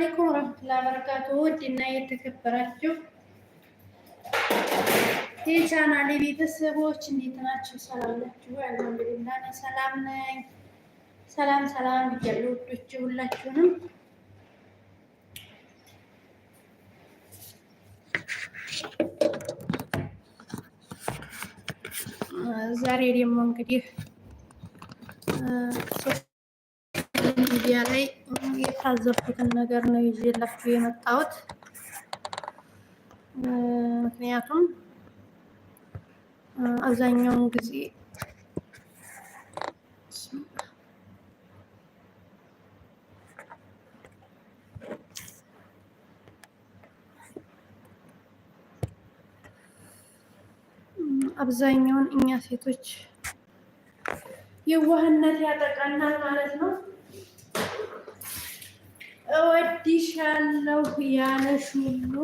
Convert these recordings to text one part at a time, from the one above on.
አለይኩም ወረህመቱላሂ ወበረካቱ። ውድና የተከበራችሁ የቻናሌ ቤተሰቦች እንዴት ናችሁ? ሰላም ናችሁ? አልሐምዱሊላህ ሰላም ነኝ። ሰላም ሰላም ብያለሁ ውዶች ሁላችሁንም። ዛሬ ደግሞ እንግዲህ ሚዲያ ላይ የታዘብኩትን ነገር ነው ይዤላችሁ የመጣሁት። ምክንያቱም አብዛኛውን ጊዜ አብዛኛውን እኛ ሴቶች የዋህነት ያጠቃናል ማለት ነው። እልሻለሁ ያለሽ ሁሉ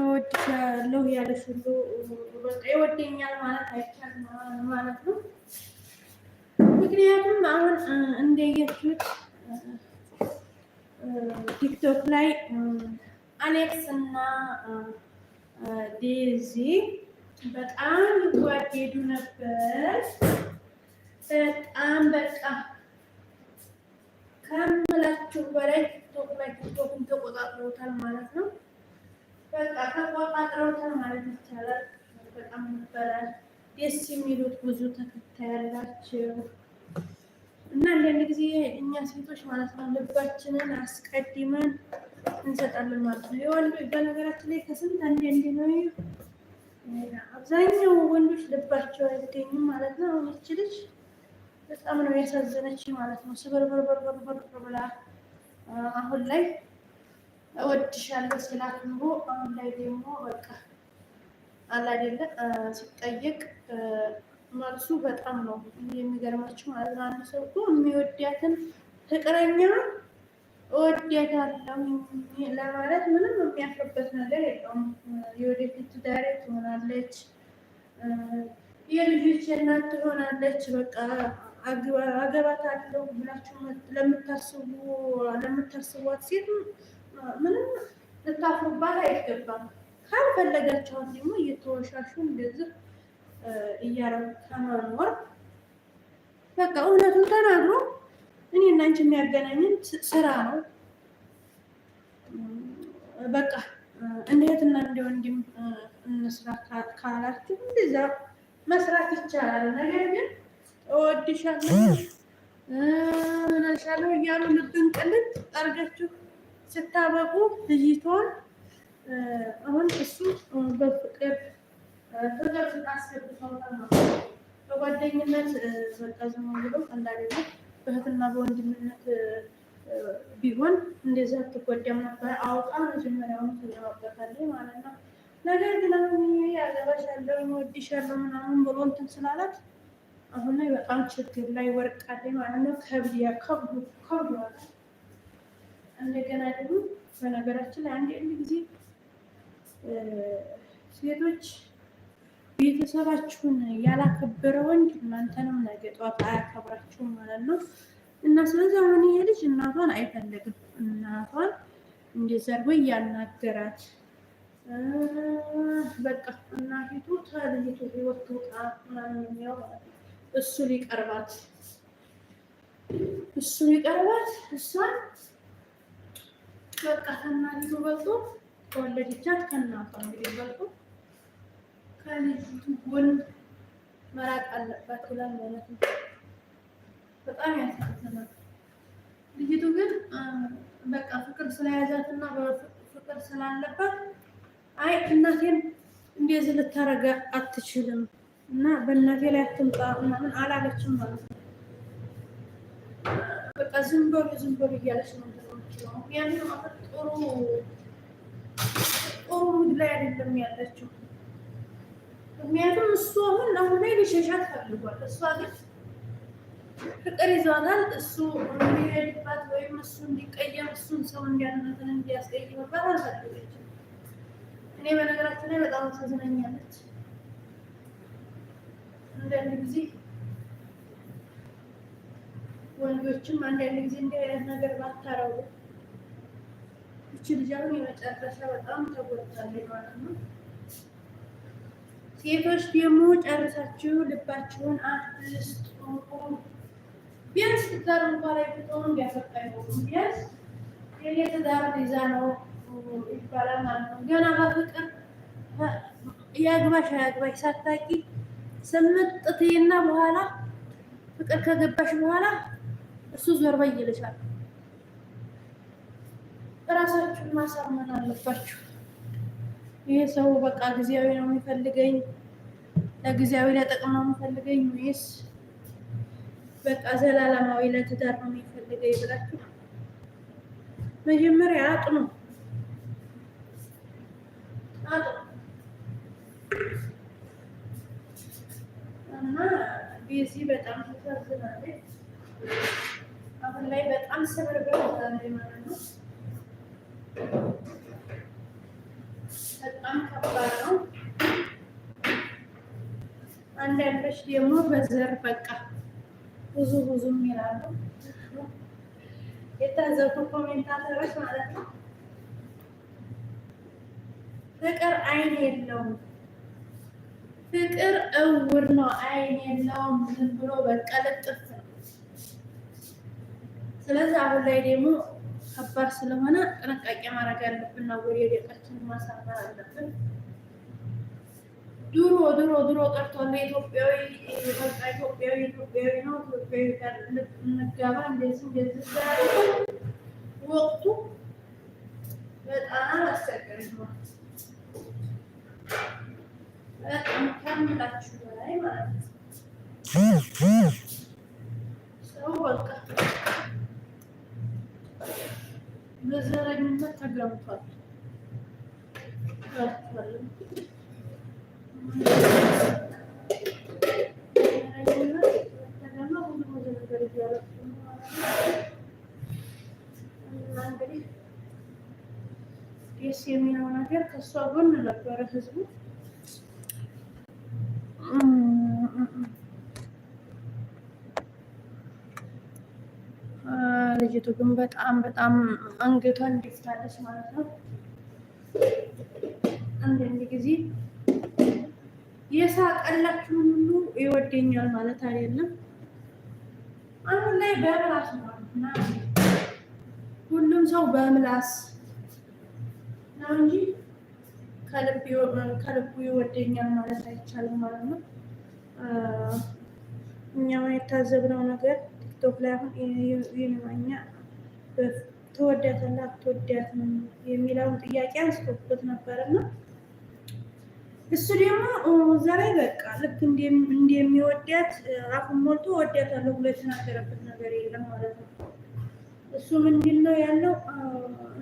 እወድሻለሁ ያለሽ ሁሉ በቃ ይወደኛል ማለት አይቻልም ማለት ነው። ምክንያቱም አሁን እንደየችት ቲክቶክ ላይ አሌክስ እና ዴዚ በጣም ይጓደዱ ነበር። በጣም በቃ ከምላችሁ በላይ ቲክቶክን ተቆጣጥረውታል ማለት ነው። በቃ ተቆጣጥረውታል ማለት ይቻላል። በጣም ነበረ ደስ የሚሉት ብዙ ተከታይ ያላቸው እና አንዳንድ ጊዜ እኛ ሴቶች ማለት ነው ልባችንን አስቀድመን እንሰጣለን ማለት ነው። የወንዱ በነገራችን ላይ ከስንት አንድ አንድ ነው። አብዛኛው ወንዶች ልባቸው አይገኝም ማለት ነው። ይች ልጅ በጣም ነው ያሳዘነች ማለት ነው። ስበርበርበርበርበር ብላ አሁን ላይ እወድሻለሁ ስላት ኑሮ አሁን ላይ ደግሞ በቃ አላደለ ሲጠየቅ መልሱ በጣም ነው የሚገርማችሁ ማለት ነው። አንድ ሰው እኮ የሚወዳትን ፍቅረኛ እወዳታለሁ ለማለት ምንም የሚያፍርበት ነገር የለውም። የወደፊት ትዳሬ ትሆናለች፣ የልጆች እናት ትሆናለች። በቃ አገባታለሁ ብላችሁ ለምታስቡ ለምታስቧት ሴት ምንም ልታፍሩባት አይገባም። ካልፈለጋቸዋት ደግሞ እየተወሻሹ እንደዚህ እያረጉ ከመኖር በቃ እውነቱን ተናግሮ እኔ እና አንቺ የሚያገናኝን ስራ ነው። በቃ እንዴትና እንደ ወንድም እንስራ ካላችሁ እንደዛ መስራት ይቻላል። ነገር ግን እወድሻለሁ ምናሻለሁ እያሉ ልብን ቅልጥ አድርጋችሁ ስታበቁ ልጅቷን አሁን እሱ በፍቅር ፍቅር ነው በጓደኝነት በቃ ዝም ብሎ እንዳለ በእህትና በወንድምነት ቢሆን እንደዛ ትጎዳም ነበር። አውቃ መጀመሪያውን ትገባበታለች ማለት ነው። ነገር ግን አሁን ያገባሻለሁ ወድሻለሁ ምናምን ብሎ እንትን ስላላት አሁን ላይ በጣም ችግር ላይ ወርቃለች ማለት ነው። ከብድ ከብዱ አለ። እንደገና ደግሞ በነገራችን ላይ አንድ ጊዜ ሴቶች ቤተሰባችሁን ያላከበረ ወንድ እናንተንም ነገ ጠዋት አያከብራችሁም ማለት ነው። እና ስለዚህ አሁን ይሄ ልጅ እናቷን አይፈልግም። እናቷን እንዲዘርበ እያናገራት በቃ እናቱ ተልይቱ ህይወት ትውጣ ምናምን የሚለው ማለት ነው። እሱ ሊቀርባት እሱ ሊቀርባት እሷን በቃ ከእናቱ በልጦ ከወለደቻት ከእናቷ እንግዲህ በልጦ ከልጅቱ ጎን መራቅ አለባት ይላል ማለት ነው። በጣም ያሳዝናል። ልጅቱ ግን በቃ ፍቅር ስለያዛትና ፍቅር ስላለባት አይ እናቴን እንደዚህ ልታረጋ አትችልም እና በእናቴ ላይ አትምጣ ምናምን አላለችም ማለት ነው። በቃ ዝም በሉ ዝም በሉ እያለች ነው። ምክንያቱም ጥሩ ጥሩ ሙድ ላይ አይደለም ያለችው ምክንያቱም እሱ አሁን አሁን ላይ ሊሸሻት ፈልጓል። እሷ ግን ፍቅር ይዟታል። እሱ እንዲሄድባት ወይም እሱ እንዲቀየም እሱን ሰው እንዲያነትን እንዲያስቀይምባት አልፈልገችም። እኔ በነገራችን ላይ በጣም ተዝናኛለች። አንዳንድ ጊዜ ወንዶችም አንዳንድ ጊዜ እንዲህ አይነት ነገር ባታረጉ እች ልጃን የመጨረሻ በጣም ተጎድታለች ማለት ነው። ሴቶች ደግሞ ጨርሳችሁ ልባችሁን አትስጡ። ቢያንስ ትዳር እንኳ ላይ ብትሆኑ ቢያፈቀዱ ቢያንስ የኔ ትዳር ይዛ ነው ይባላል ማለት ነው። ገና በፍቅር ያግባሽ አያግባሽ ሳታቂ ስምጥ በኋላ ፍቅር ከገባሽ በኋላ እሱ ዞር በይ እራሳችሁን ማሳመን አለባችሁ። ይሄ ሰው በቃ ጊዜያዊ ነው የሚፈልገኝ፣ ለጊዜያዊ ለጥቅም ነው የሚፈልገኝ ወይስ በቃ ዘላለማዊ ለትዳር ነው የሚፈልገኝ ብላችሁ መጀመሪያ አጥኑ አጥኑ ቢዚ በጣም ተሳዝናለች። አሁን ላይ በጣም ስብርብር ማለት ነው። በጣም ከባድ ነው። አንዳንዶች ደግሞ በዘር በቃ ብዙ ብዙ ይላሉ የታዘብኩ ኮሜንታተሮች ማለት ነው። ፍቅር አይን የለውም፣ ፍቅር እውር ነው፣ አይን የለውም። ዝም ብሎ በቃ ልጥፍ ነው። ስለዚህ አሁን ላይ ደግሞ ከባድ ስለሆነ ጥንቃቄ ማድረግ ያለብን ነው። ወደ ደቀችን ማሳመር አለብን። ድሮ ድሮ ድሮ ቀርቶ ኢትዮጵያዊ በቃ ኢትዮጵያዊ ኢትዮጵያዊ ነው ኢትዮጵያዊ ጋር እንጋባ እንደዚህ እንደዚህ ወቅቱ በጣም አስቸጋሪ ነው። ከምላችሁ በላይ ማለት ነው። ሰው በቃ በዘረኝነት ተገብቷል። ደስ የሚለው ነገር ከእሷ ጎን ነበረ ህዝቡ ልጅቱ ግን በጣም በጣም አንገቷን ደፍታለች ማለት ነው። አንዳንድ ጊዜ የሳቀላችሁን ሁሉ ይወደኛል ማለት አይደለም። አሁን ላይ በምላስ ነውና ሁሉም ሰው በምላስ ነው እንጂ ከልቡ ይወደኛል ማለት አይቻልም ማለት ነው። እኛ የታዘብነው ነገር ቲክቶክ ላይ አሁን ይልማኛ ተወዳትና አትወዳትም የሚለውን ጥያቄ አንስቶበት እና እሱ ደግሞ እዛ ላይ በቃ ልክ እንደሚወዳት አፉን ሞልቶ ወዳታለሁ ብሎ የተናገረበት ነገር የለም ማለት ነው። እሱ ምንድን ነው ያለው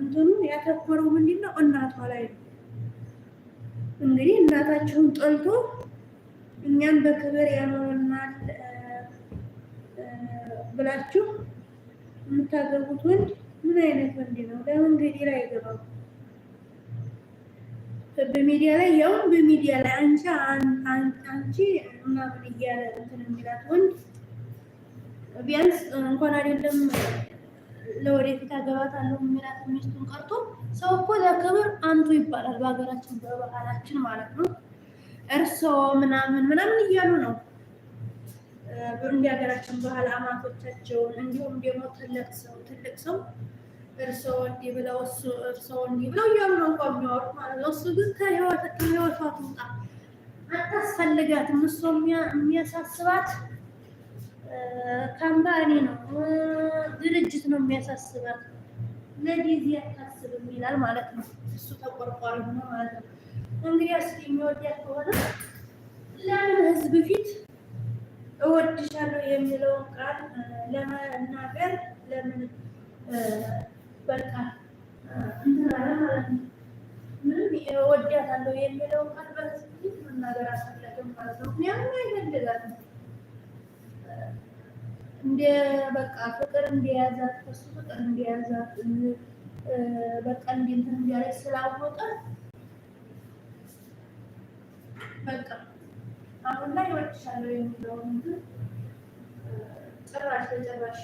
እንትኑ ያተኮረው ምንድን ነው እናቷ ላይ ነው። እንግዲህ እናታችሁን ጠልቶ እኛን በክብር ያኖረናል ብላችሁ የምታገቡት ወንድ ምን አይነት ወንድ ነው? ለምን ገዴላ አይገባም? በሚዲያ ላይ ያውም በሚዲያ ላይ አንቺ አንቺ ምናምን እያለ እንትን የሚላት ወንድ ቢያንስ እንኳን አይደለም ለወደፊት አገባታለሁ የሚላት ሚስቱን ቀርቶ ሰው እኮ ለክብር አንቱ ይባላል። በሀገራችን በባህላችን ማለት ነው። እርሶ ምናምን ምናምን እያሉ ነው ብሩንዲ ሀገራችን ባህል አማቶቻቸውን እንዲሁም ደግሞ ትልቅ ሰው ትልቅ ሰው እርስዎ እንዲህ ብለው እሱ እርስዎ እንዲህ ብለው እያሉ ነው እንኳ የሚያወሩት ማለት ነው። እሱ ግን ከህይወት ከህይወቷ ትውጣ አታስፈልጋትም። እሷ የሚያሳስባት ካምፓኒ ነው ድርጅት ነው የሚያሳስባት። ለጊዜ አታስብም ይላል ማለት ነው። እሱ ተቆርቋሪ ሆነ ማለት ነው። እንግዲህ እስኪ የሚወዳት ከሆነ ለምን ህዝብ ፊት እወድሻለሁ የሚለውን ቃል ለመናገር ለምን በቃ እንትናለ ማለት ነው። ምንም እወዳታለሁ የሚለውን ቃል በስት መናገር አስፈለግም ማለት ነው። ምክንያቱም አይገድላት እንደ በቃ ፍቅር እንደያዛት ከሱ ፍቅር እንደያዛት በቃ እንዲንትን እንዲያለች ስላወቀ በቃ አሁን ላይ እወድሻለሁ የሚለውን እንትን ጭራሽ ለጭራሽ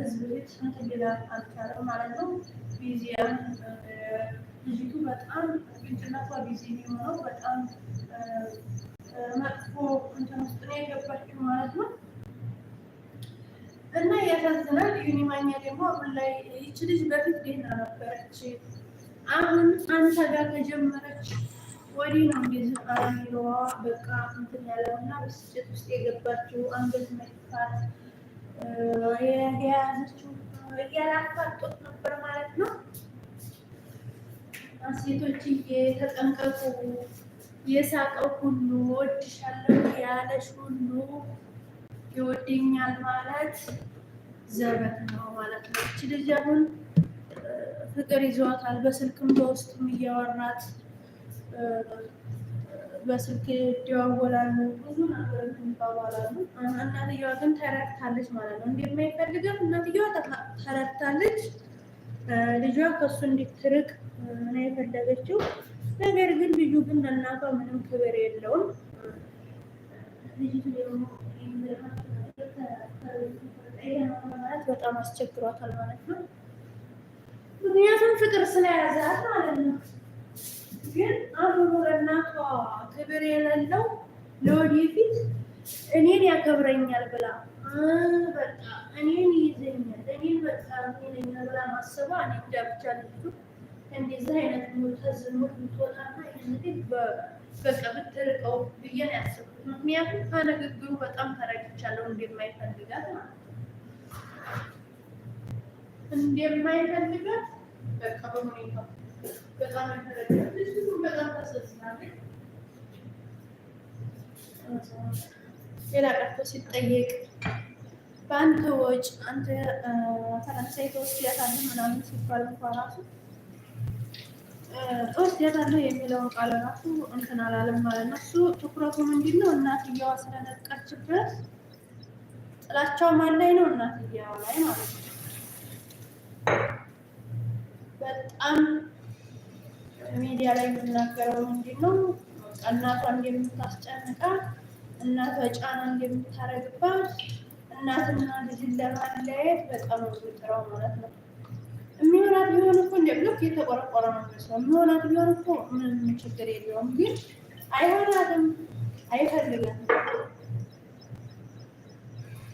ህዝብ ልጅ እንትግላ አልቻለም ማለት ነው። ቢዚያን ልጅቱ በጣም ግጭነቷ ቢዚ የሚሆነው በጣም መጥፎ እንትን ውስጥ ነው የገባችው ማለት ነው። እና ያሳዝናል። ዩኒማኛ ደግሞ አሁን ላይ ይቺ ልጅ በፊት ደህና ነበረች። አሁን አንተ ጋር ከጀመረች ወዲህ ነው እንደዚህ አሚሮዋ በቃ እንትን ያለው እና ብስጭት ውስጥ የገባችው አንገት መጥፋት የያዘችው እያላፋጦት ነበር ማለት ነው። ሴቶች የተጠንቀቁ። የሳቀው ሁሉ ወድሻለሁ ያለሽ ሁሉ ይወደኛል ማለት ዘበት ነው ማለት ነው። እች ልጅ አሁን ፍቅር ይዘዋታል። በስልክም በውስጡም እያወራት በስልክ ይደዋወላሉ፣ ብዙ ነገር ይባባላሉ። እናትየዋ ግን ተረድታለች ማለት ነው። እንደማይፈልግም እናትየዋ ተረድታለች። ልጇ ከሱ እንዲትርቅ ነው የፈለገችው። ነገር ግን ልጁ ግን ለእናቷ ምንም ክብር የለውም። በጣም አስቸግሯታል ማለት ነው። ምክንያቱም ፍቅር ስለያዛት ማለት ነው። ግን አብሮ ለእናቷ ክብር የሌለው ለወደፊት እኔን ያከብረኛል ብላ በቃ እኔን ይዘኛል እኔን በቃ ይለኛል ብላ ማሰባ እኔ እንጃ ብቻ ልጁ እንደዚህ አይነት ሙልተዝሙት ምትወጣና ይህንግል በቃ ብትርቀው ብዬ ነው ያሰብኩት። ምክንያቱም ከንግግሩ በጣም ተረድቻለሁ እንደማይፈልጋት ማለት እንደማይፈልጋት በቃ በሁኔታው ሌላ ቀርቶ ሲጠየቅ በአንተ ወጪ አንተ ፈረንሳይ ተወስዳታለህ ምናምን ሲባል እንኳ ራሱ ተወስዳታለህ የሚለውን ቃል ራሱ እንትን አላለም ማለት ነው። እሱ ትኩረቱ ምንድን ነው? እናትየዋ ስለነቀችበት ጥላቻው ማን ላይ ነው? እናትየዋ ላይ ማለት ነው። በጣም ሚዲያ ላይ የምናገረው ምንድን ነው? እናቷ እንደምታስጨንቃት፣ እናቷ ጫና እንደምታረግባት፣ እናትና ልጅን ለማለያየት በጣም ጥረው ማለት ነው። የሚሆናት ቢሆን እኮ እንደ ብሎክ የተቆረቆረ ነው የሚመስለው። የሚሆናት ቢሆን እኮ ምንም ችግር የለውም። ግን አይሆናትም፣ አይፈልግም።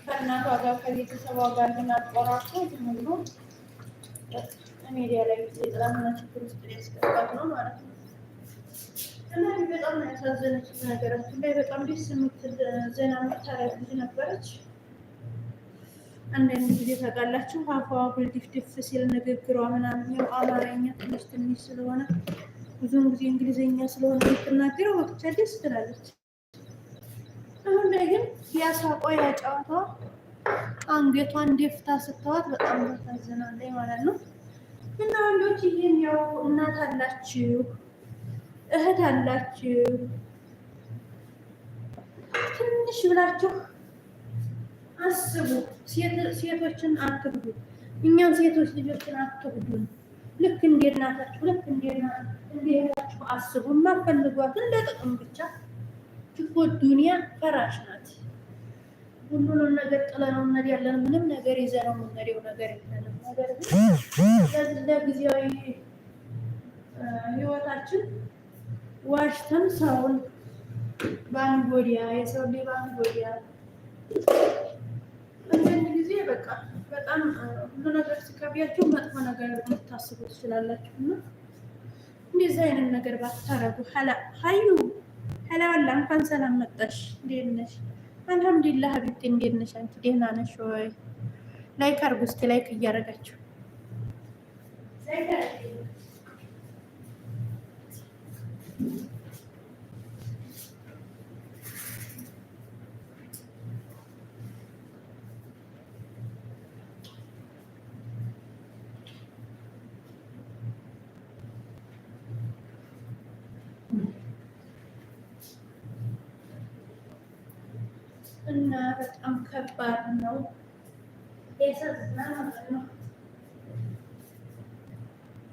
ከእናቷ ጋር ከቤተሰቧ ጋር ግን አቆራርጦ ዝም ብሎ ሚዲያ ላይ የጥላና ችግር ውስጥ ሊያስገባት ነው ማለት ነው። እና በጣም ያሳዘነች ነገራችን ላይ በጣም ደስ የምትል ዜና ምታረግ ነበረች። አንዳንድ ጊዜ ታውቃላችሁ አፏ ብልድፍድፍ ሲል ንግግሯ ምናምን ያው አማርኛ ትንሽ ትንሽ ስለሆነ ብዙውን ጊዜ እንግሊዝኛ ስለሆነ የምትናገረው ወቅቻ ደስ ትላለች። አሁን ላይ ግን ያሳቋ ያጫዋቷ አንገቷን ደፍታ ስታዋት በጣም ታሳዝናለች ማለት ነው። እና ወንዶች ይህም ያው እናት አላችሁ፣ እህት አላችሁ ትንሽ ብላችሁ አስቡ። ሴቶችን አትጉዱ፣ እኛን ሴቶች ልጆችን አትጉዱን። ልክ እናታችሁ ልክ አስቡ። የማትፈልጓትን ለጥቅም ብቻ ትኮ ዱኒያ ፈራሽ ናት። ሁሉንም ነገር ጥለነው ምንም ነገር ይዘነው የምንሄደው ነገር ነገር ግን ለጊዜያዊ ህይወታችን ዋሽተን ሰውን ባንጎዲያ የሰው ልጅ ባንጎዲያ አንዳንድ ጊዜ በቃ በጣም ሁሉ ነገር ሲከብዳችሁ መጥፎ ነገር ልታስቡ ትችላላችሁ። እና እንደዚህ አይነት ነገር ባታረጉ። ሀዩ ሀላ እንኳን ሰላም መጣሽ። እንዴት ነሽ? አልሐምዱሊላህ ሀቢብቴ፣ እንዴት ነሽ? አንቺ ደህና ነሽ ወይ? ላይክ አርጉ እስኪ ላይክ እያደረጋችሁ እና በጣም ከባድ ነው። esas namazını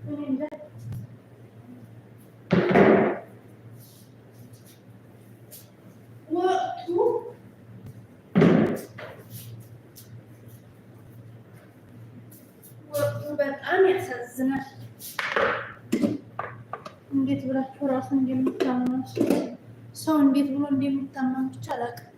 önünde What? በጣም ያሳዝናል። እንዴት ብላችሁ ራሱ እንደምታምኑ ሰው እንዴት ብሎ እንደምታምኑ ብቻ አላውቅም።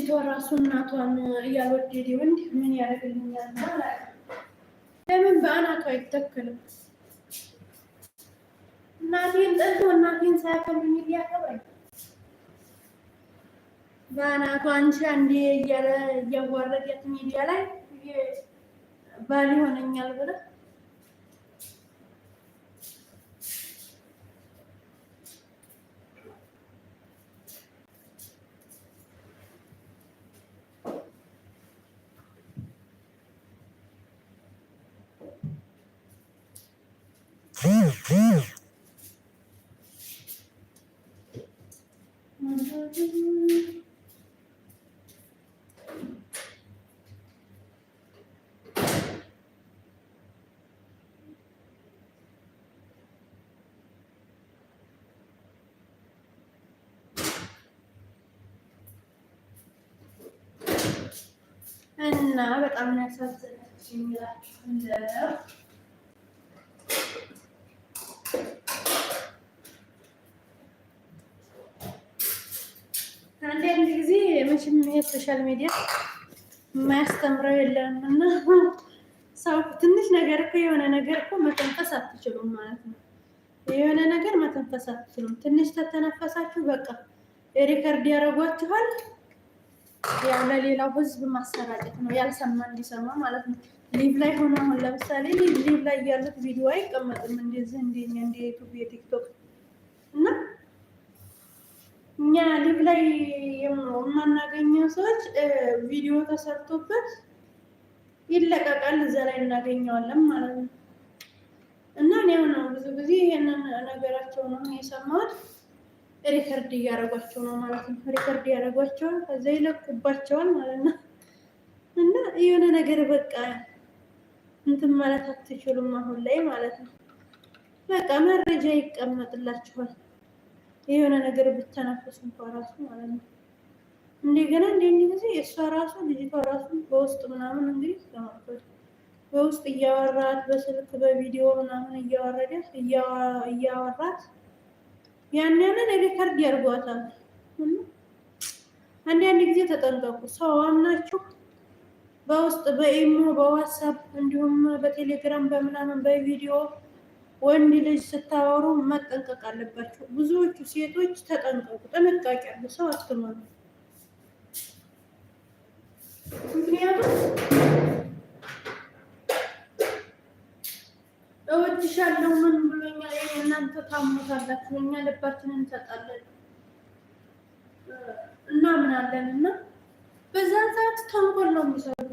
ልጅቷ ራሱ እናቷን እያልወደደ ወንድ ምን ያደርግልኛል? ለምን በአናቷ አይተክልም? እናቴን ጠልቶ እናቴን ሳያከብኝ እያከብረኝ በአናቷ አንቺ አንዴ እያለ እያዋረዳት ሚዲያ ላይ ባል ይሆነኛል ብለህ እና በጣም ነው ያሳዘነች የሚላችሁ እንደው አንዳንድ ጊዜ መቼም የሶሻል ሚዲያ የማያስተምረው የለም እና ሰው ትንሽ ነገር እኮ የሆነ ነገር እኮ መተንፈስ አትችሉም ማለት ነው። የሆነ ነገር መተንፈስ አትችሉም። ትንሽ ተተነፈሳችሁ በቃ ሪከርድ ያደረጓችኋል። ያው ለሌላው ህዝብ ማሰራጨት ነው፣ ያልሰማ እንዲሰማ ማለት ነው። ሊቭ ላይ ሆነ አሁን ለምሳሌ ሊቭ ላይ ያሉት ቪዲዮ አይቀመጥም እንደዚህ እንደኛ እንደ ዩቱብ የቲክቶክ እና እኛ ሊቭ ላይ የማናገኘው ሰዎች ቪዲዮ ተሰርቶበት ይለቀቃል፣ እዛ ላይ እናገኘዋለን ማለት ነው። እና እኔ ነው ብዙ ጊዜ ይሄንን ነገራቸው ነው የሰማሁት። ሪከርድ እያደረጓቸው ነው ማለት ነው። ሪከርድ እያደረጓቸውን ከዛ ይለቁባቸዋል ማለት ነው። እና የሆነ ነገር በቃ እንትን ማለት አትችሉም አሁን ላይ ማለት ነው። በቃ መረጃ ይቀመጥላችኋል የሆነ ነገር ብተነፈሱ እንኳ ራሱ ማለት ነው። እንደገና እንደኝ ጊዜ እሷ ራሱ ልጅቷ ራሱ በውስጥ ምናምን እንግዲህ ተመርቶች በውስጥ እያወራት በስልክ በቪዲዮ ምናምን እያወረደ እያወራት ያን ያንን ሪከርድ ያርጓታል። አንዳንድ ጊዜ ተጠንቀቁ። ሰው አምናችሁ በውስጥ በኢሞ በዋትሳፕ እንዲሁም በቴሌግራም በምናምን በቪዲዮ ወንድ ልጅ ስታወሩ መጠንቀቅ አለባቸው። ብዙዎቹ ሴቶች ተጠንቀቁ፣ ጥንቃቄ አለ። ሰው አትመኑ፣ ምክንያቱም እወድሻለሁ ምን ብሎኛል? እናንተ ታሞታላችሁ፣ እኛ ልባችንን እንሰጣለን እናምናለን እና በዛ ሰዓት ተንኮል ነው የሚሰሩ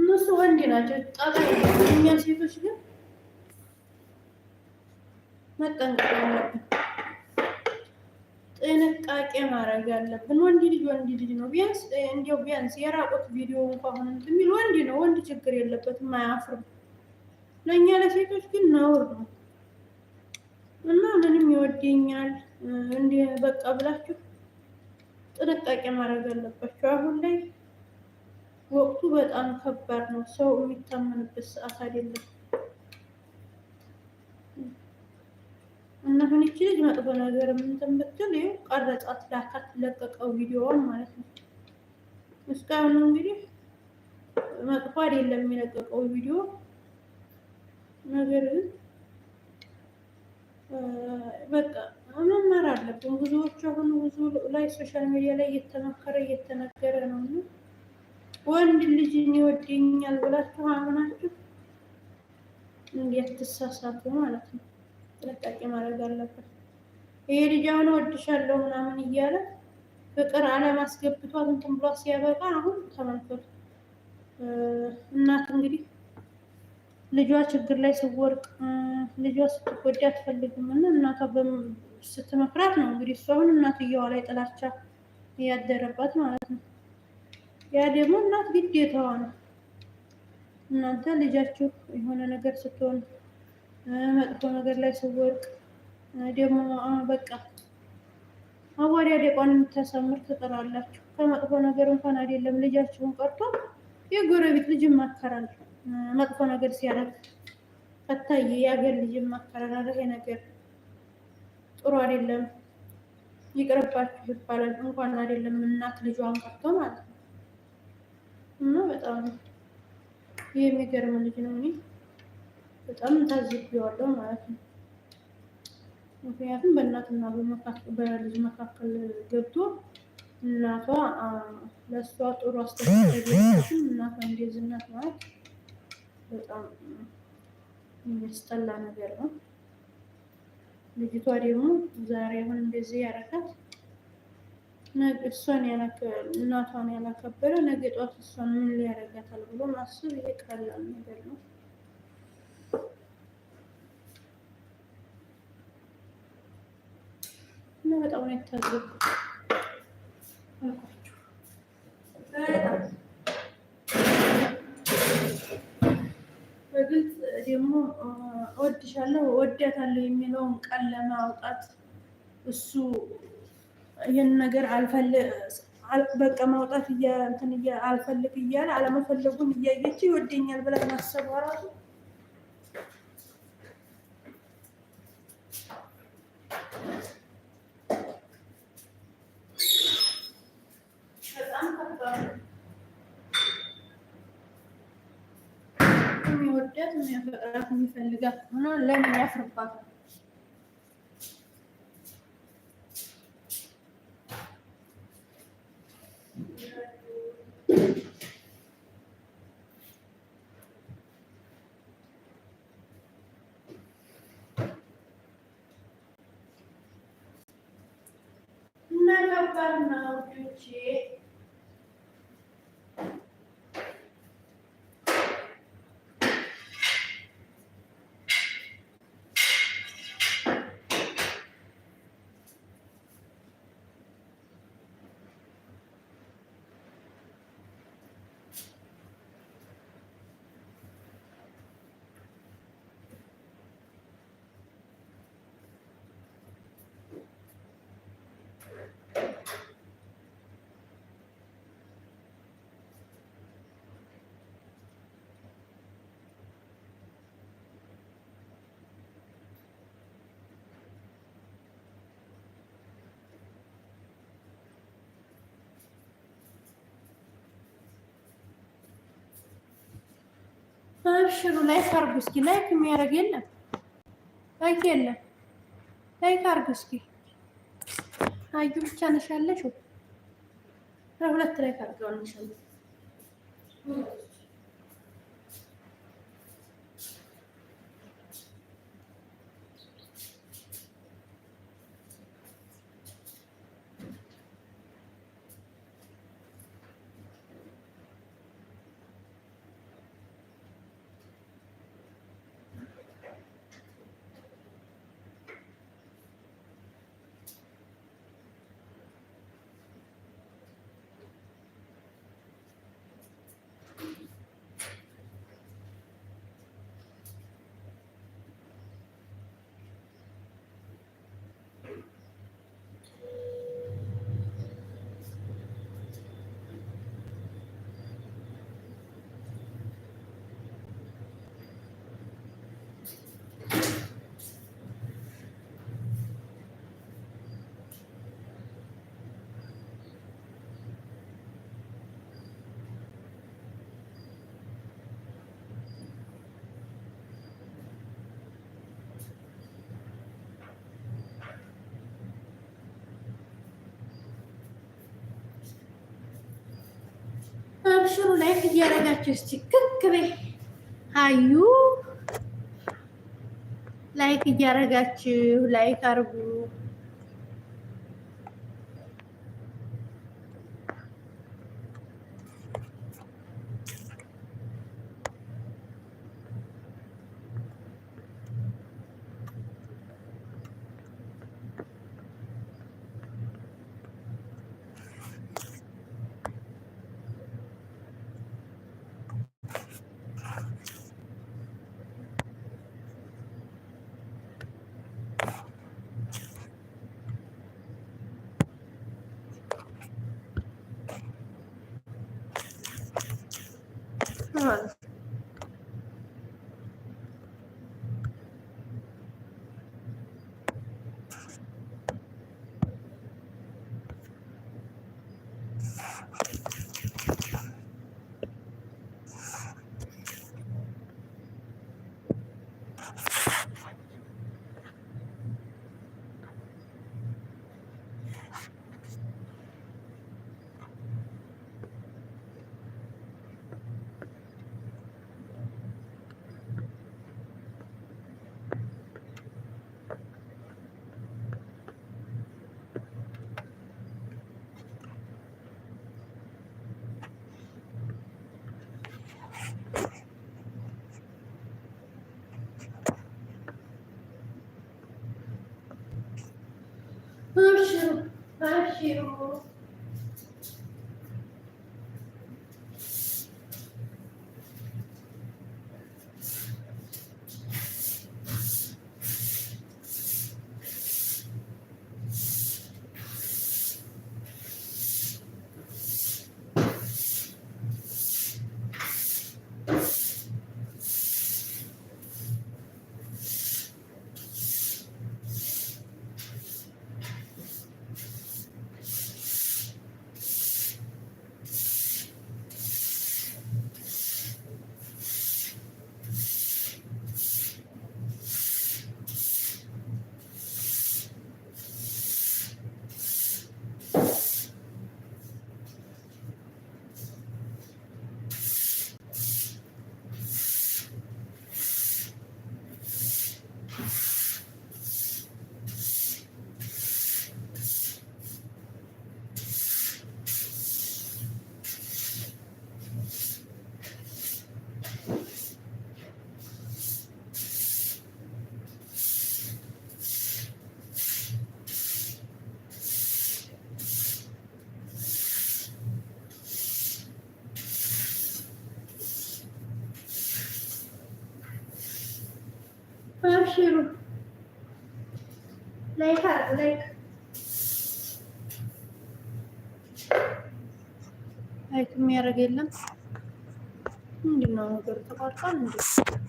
እነሱ ወንድ ናቸው ጠላ እኛ ሴቶች ግን መጠንቀቅ ማድረግ ያለብን ወንድ ልጅ ወንድ ልጅ ነው። ቢያንስ እንዲያው ቢያንስ የራቁት ቪዲዮ እንኳን የሚል ወንድ ነው። ወንድ ችግር የለበትም፣ አያፍርም። ለእኛ ለሴቶች ግን ነውር ነው እና ምንም ይወደኛል እንደ በቃ ብላችሁ ጥንቃቄ ማድረግ አለባችሁ። አሁን ላይ ወቅቱ በጣም ከባድ ነው። ሰው የሚታመንበት ሰዓት አይደለም። እና ሆነች ልጅ መጥፎ ነገር የምንተንበትል ይኸው ቀረጻት ላካት ለቀቀው ቪዲዮዋን ማለት ነው። እስካሁን እንግዲህ መጥፎ አይደለም የሚለቀቀው ቪዲዮ ነገር ግን በቃ መማር አለብን። ብዙዎች አሁን ብዙ ላይ ሶሻል ሚዲያ ላይ እየተመከረ እየተነገረ ነው። ወንድ ልጅ ይወደኛል ብላችሁ አምናችሁ እንዲያትሳሳቱ ማለት ነው። ጥንቃቄ ማድረግ አለበት። ይሄ ልጅ አሁን ወድሻለሁ ምናምን እያለ ፍቅር አለማስገብቷት እንትን ብሏ ሲያበቃ አሁን ተመልከቱ እናት እንግዲህ ልጇ ችግር ላይ ስወርቅ ልጇ ስትጎዳ አትፈልግም እና እናቷ ስትመክራት ነው እንግዲህ እሱ አሁን እናትየዋ ላይ ጥላቻ እያደረባት ማለት ነው። ያ ደግሞ እናት ግዴታዋ ነው። እናንተ ልጃችሁ የሆነ ነገር ስትሆን መጥፎ ነገር ላይ ስወርቅ ደግሞ በቃ አዋሪ አደቋን የምታሳምር ትጥራላችሁ። ከመጥፎ ነገር እንኳን አይደለም ልጃችሁን ቀርቶ የጎረቤት ልጅ ይማከራል። መጥፎ ነገር ሲያደርግ ከታየ የአገር ልጅ ይማከራል። ይሄ ነገር ጥሩ አይደለም፣ ይቅርባችሁ ይባላል። እንኳን አይደለም እናት ልጇን ቀርቶ ማለት ነው እና በጣም የሚገርም ልጅ ነው እኔ በጣም ታዝቤዋለሁ ማለት ነው። ምክንያቱም በእናትና በልጅ መካከል ገብቶ እናቷ ለእሷ ጥሩ አስተዳደግም እናቷ እንደዚህ እናት ማለት በጣም የሚያስጠላ ነገር ነው። ልጅቷ ደግሞ ዛሬ አሁን እንደዚህ ያረካት እሷን እናቷን ያላከበረ ነገ ጧት እሷን ምን ሊያረጋታል ብሎ ማሰብ ይሄ ቀላል ነገር ነው። በጣም ነው የታዘብኩት በግልጽ ደግሞ እወድሻለሁ እወዳታለሁ የሚለውን ቃል ለማውጣት እሱ ይህን ነገር በቃ ማውጣት እንትን አልፈልግ እያለ አለመፈለጉን እያየችው ይወደኛል ብላ ማሰቧ ራሱ ራሱ የሚፈልጋት ሆኖ ለምን ያፍርባታል? እና ከባድ ነው ልጆቼ እብሽሩ ላይክ አድርጉ እስኪ። ላይክ የሚያደርግ የለም፣ ላይክ የለም። ላይክ አድርጉ እስኪ። አዩ ብቻ ነሽ ያለሽው። ሁለት ላይክ አድርገዋል። እያደረጋችሁ እስቲ ክክ በይ ላይክ እያደረጋችሁ ላይክ አርጉ። you. ሽሩ ላይክ አድርጉ ላይክ ላይክ የሚያደርግ የለም። ምንድን ነው ነገሩ? ተቋርጧል እንዴ?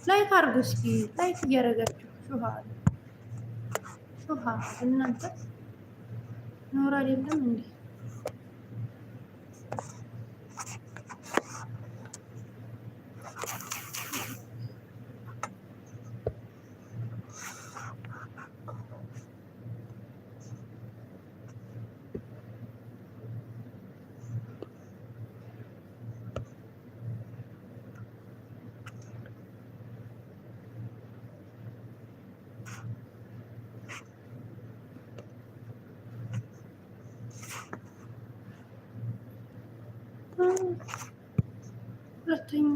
ላይክ አድርጉ እስኪ ላይክ እያደረጋችሁ ሹሃ ሹሃ እናንተ ኖራል የለም እንዴ?